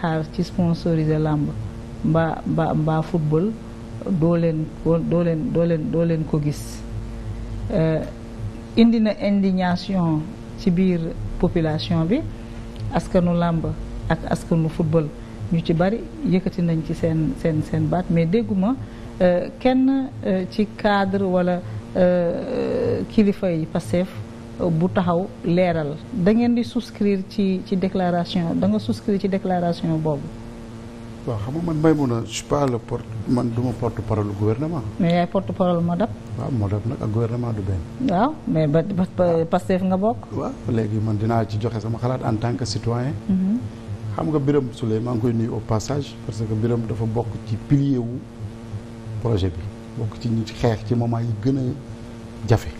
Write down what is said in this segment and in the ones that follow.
xaar ci sponsoriser làmb mbaa mbaa mbaa football doo leen doo leen doo leen doo leen ko gis euh, indi na indignation ci biir population bi askanu làmb ak askanu football ñu ci bari yëkkati nañ ci seen seen seen baat mais dégguma euh, kenn euh, ci cadre wala kilifa yi Pastef bu taxaw leeral da ngeen di souscrire ci ci déclaration da nga ci déclaration boobu. waaw xam nga man may mun a je suis pas le porte man du ma porte parole gouvernement. mais yaay porte parole Modap. waaw Modap nag ak gouvernement du benn. waaw mais ba Pastef nga bokk. waaw léegi man dinaa ci joxe sama xalaat en tant que citoyen. Mhm. xam nga Birame Souleye maa ngi koy nuyu au passage parce que biram dafa bokk ci pilier wu projet bi bokk ci ñi xeex ci moment gën a jafe.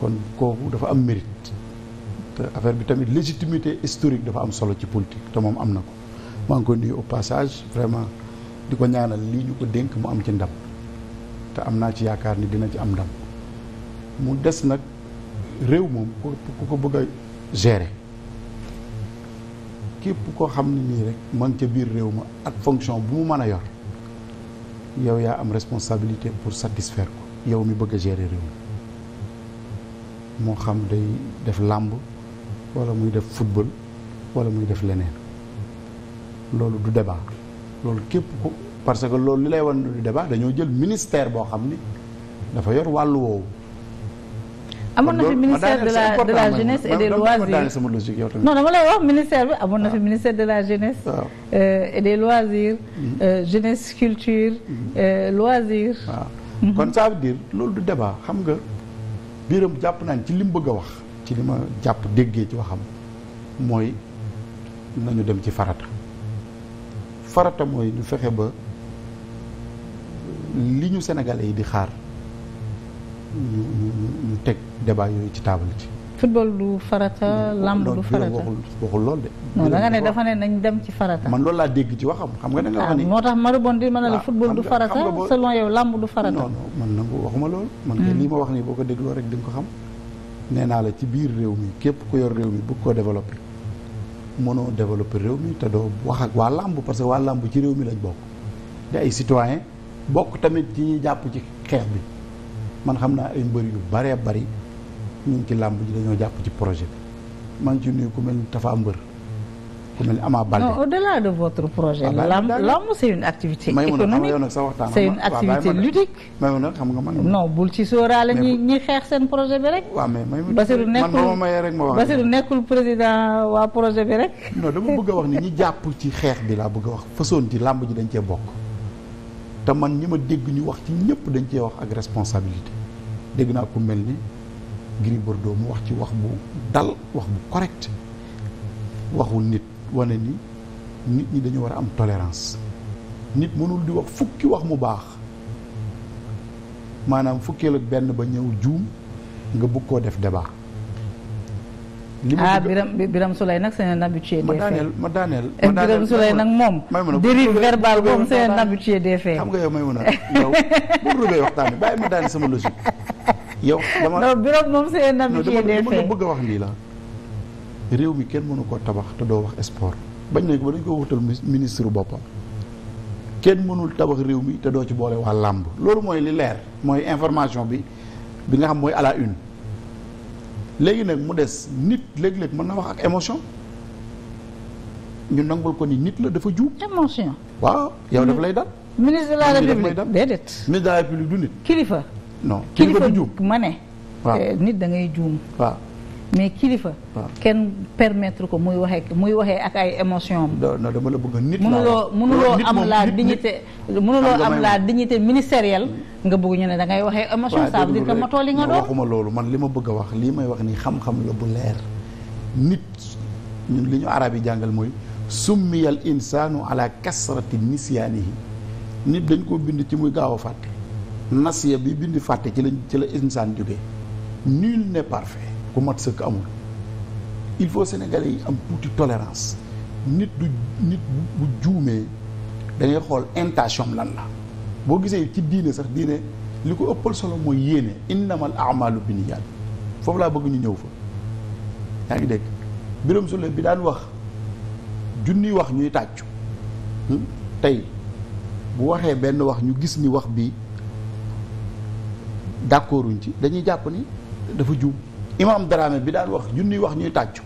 kon kooku dafa am mérite affaire bi tamit légitimité historique dafa am solo ci politique te moom am na ko maa ngi koy nuyu au passage vraiment di ko ñaanal lii ñu ko dénk mu am ci ndam te am naa ci yaakaar ni dina ci am ndam mu des nag réew moom ku ko bëgg a képp koo xam ne nii rek ma ngi ca biir réew ma ak fonction bu mu mën a yor yow yaa am responsabilité pour satisfaire ko yow mi bëgg a gérer réew moo xam de def làmb wala muy def football wala muy def leneen loolu du débat loolu képp ko parce que loolu li lay wan du débat dañoo jël ministère boo xam ni dafa yor wàllu woowu. amoon na fi ministère de la de la jeunesse et des loisirs non dama lay wax bi amoon na fi ah. de la jeunesse. Ah. Euh, et des loisirs. Mm-hmm. Euh, jeunesse culture. Mm-hmm. Euh, loisirs. waaw ah. mm-hmm. kon ça veut loolu du débat xam nga. biiram jàpp naan ci li mu bëgg a wax ci li ma jàpp déggee ci waxam mooy nañu dem ci farata farata mooy ñu fexe ba li ñu sénégalais yi di xaar ñu ñu ñu teg débat yooyu ci taabal ci football du farata lamb du farata waxul waxul lool de. non da ne dafa ne nañ dem ci farata. man lool laa dégg ci wax waxam xam nga ne nga wax ni. moo tax ma rebondir ma ne la ah, football du farata selon yow lamb du farata. non non man waxuma lool. man kay hmm. lii ma wax nii boo ko dégloo rek di ko xam. nee naa la ci biir réew mi képp ko yor réew mi bëgg koo développé mënoo développé réew mi te doo wax ak waa làmb parce que waa làmb ci réew mi lañ bokk di ay citoyen bokk tamit ci jàpp ci xeex bi man xam naa ay mbër yu ñu ngi ci làmb ji dañoo jàpp ci projet maa ngi ci nuyu ku mel ni Tafa Mbër ku mel ni Ama Baldé. non au-delà de votre projet. Ah, làmb làmb c'est une activité économique c'est une activité ludique. may mun xam nga man. non bul ci sóoraale ñi ñi xeex seen projet bi rek. waaw mais may mun Basiru nekkul Basiru nekkul président waa projet bi rek. non dama bëgg a wax ni ñi jàpp ci xeex bi laa bëgg a wax façon ci làmb ji dañ cee bokk. te man ñi ma dégg ñu wax ci ñëpp dañ cee wax ak responsabilité dégg naa ku mel ni. Gris Bordeaux mu wax ci wax bu dal wax bu correct waxul nit wane ni nit ñi dañu war a am tolérance nit mënul di wax fukki wax mu baax maanaam fukkeel ak benn ba ñëw juum nga bëgg koo def débat. li ma ah Birame Birame Souleye nag c'est un habitué des faits. ma daaneel ma daaneel. ma daaneel Birame Souleye nag moom. dérive verbale boobu c'est un habitué des faits. waxtaan bi bàyyi ma daane sama logique. yow dama non bureau moom c'est un ami qui est bëgg a wax lii la réew mi kenn mënu ko tabax te doo wax esport bañ nañ ko ba dañ ko wutal ministre boppam kenn mënul tabax réew mi te doo ci boole waa làmb loolu mooy li leer mooy information bi bi nga xam mooy à la une léegi nag mu des nit léeg-léeg mën na wax ak émotion ñu nangul ko nii nit la dafa juub émotion waaw yow daf lay dal ministre de la république déedéet ministre de la république du nit kilifa non kilifa du juum ma ne. Eh, nit da ngay juum. waaw mais kilifa. kenn permettre ko muy waxee muy waxee ak ay émotion am. non dama la bëgg nit mënuloo mënuloo am la dignité mënuloo am la dignité ministérielle. nga bëgg ñu ne da ngay waxee émotion. ça veut dire que matoo nga loolu man li ma bëgg a wax lii may wax nii xam-xam la bu leer. nit ñun li ñu arab yi jàngal mooy summiyal insaanu ala kasrati nisyaanihi nit dañ koo bind ci muy gaaw a fàtte. nasiya bi bind fàtte ci la ci la insaan jógee nul ne parfait ku mat sëkk amul il faut sénégalais yi am tuuti tolérance nit du nit bu juumee da xool intation lan la boo gisee ci diine sax diine li ko ëppal solo mooy yéene innamal amalu binniyaat foofu laa bëgg ñu ñëw fa yaa ngi dégg biram sule bi daan wax junni wax ñuy tàccu hmm? tey bu waxee benn wax ñu gis ni wax bi d'accorduñ ci dañuy jàpp ni dafa juum imam Dramé bi daan wax junniy wax ñuy tàccu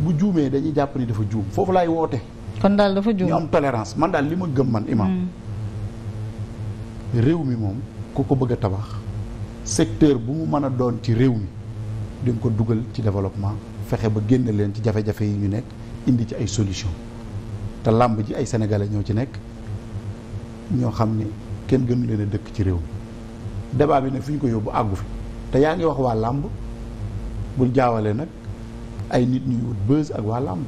bu juumee dañuy jàpp ni dafa juum foofu laay woote. kon daal dafa juum ñu am tolérance man daal li ma gëm man imam hmm. réew mi moom ku ko bëgg a tabax secteur bu mu mën a doon ci réew mi di nga ko dugal ci développement fexe ba génn leen ci jafe-jafe yi ñu nekk indi ci ay solution te làmb ji ay sénégalais ñoo ci nekk ñoo xam ni kenn gënu leen a dëkk ci réew mi débat bi nag fi ñu ko yóbbu àggu fi te yaa ngi wax waa làmb bul jaawale nag ay nit ñuy wut buzz ak waa làmb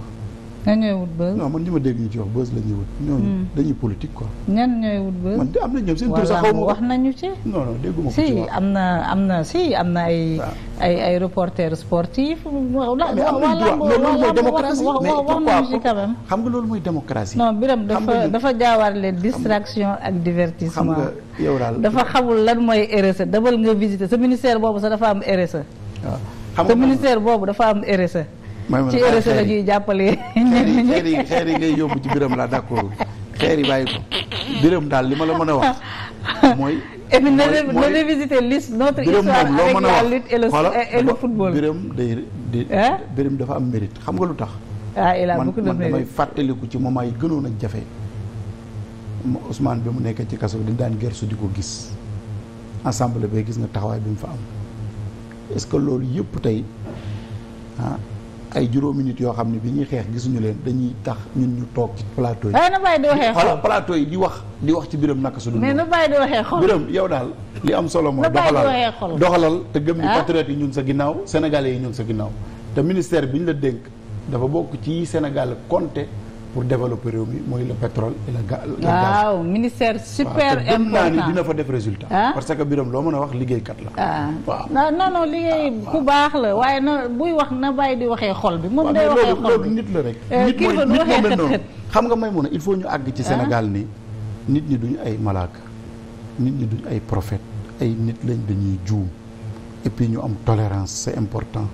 ñan ñooy wut buzz. non man ñi ma dégg ñu ci wax buzz la wut. ñooñu hmm. dañuy politique ko ñan ñooy wut buzz. man am na ñoom wax nañu ci. non ci wax si am na am na si am na ay. Ah. ay ay reporter sportif. wala wala loolu mooy démocratie mais pourquoi xam nga loolu mooy démocratie. non biram dafa dafa jaawaarle distraction ak divertissement. xam nga yow daal dafa xamul lan mooy RSE dabal nga visiter sa ministère boobu sax dafa am RSE. waaw ah, xam nga sa ministère boobu dafa am RSE. ci RSE la ñuy jàppale. xeer yi ngay yóbbu ci biram laa d'accord xeer yi bàyyi ko biram daal li ma la mën a wax mooy. mooy mooy na revisiter liste notre histoire biram day di biram dafa am mérite xam nga lu tax. ah man damay fàttaliku ci moment yi gënoon a jafe. Ousmane bi mu nekk ci kaso bi dañ daan gersu di ko gis assemblée bay gis nga taxawaay bi mu fa am est que loolu yëpp tey ah, ay juróomi nit yoo xam ne bi ñuy xeex gisuñu leen dañuy tax ñun ñu toog ci plateau yi. Eh, na bàyyi doo xeex xool plateau yi di wax di wax ci biram naka su dul. mais na bàyyi doo xeex xool biram yow daal li am solo mooy. doxalal doxalal te gëm ni ah? patriote yi ñun sa ginnaaw sénégalais yi ñun sa ginnaaw te ministère bi ñu la dénk dafa bokk ci Sénégal compté pour développer réew mi mooy le pétrole et le gaz. waaw ministère super important gëm dina fa def résultat. Ah? parce que biram loo mën a wax liggéeykat la. Ah. waaw non liggéey ah, ku baax la waaye na buy wax na bàyyi di waxee xol bi. moom day waxee xol la rek. Eh, xam nga may mun a il faut ñu àgg ci Sénégal ni nit ñi duñu ay malaaka nit ñi duñ ay prophète ay nit lañ dañuy juum et ñu am tolérance c'est important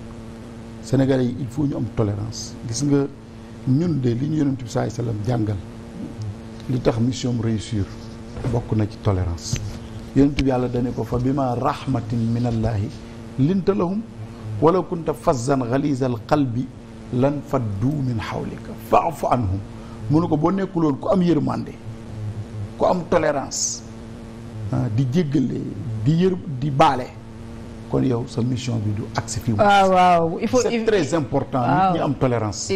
sénégalais yi il faut ñu am tolérance gis nga. ñun de li ñu yonent bi saay salaam jàngal li tax mission mu réussir bokk na ci tolérance yonent bi yàlla dane ko fa bi ma rahmatin min allaahi linta lahum wala kunta fazzan xaliza al qalbi lan faddu min xawlika faafu anhum mu ne ko boo nekkuloon ku am yërmande ku am tolérance ah, di jéggale di yër di baale kon yow sa mission bi du agsi fii waaw ah, waaw il c'est très important nit ñi am tolérance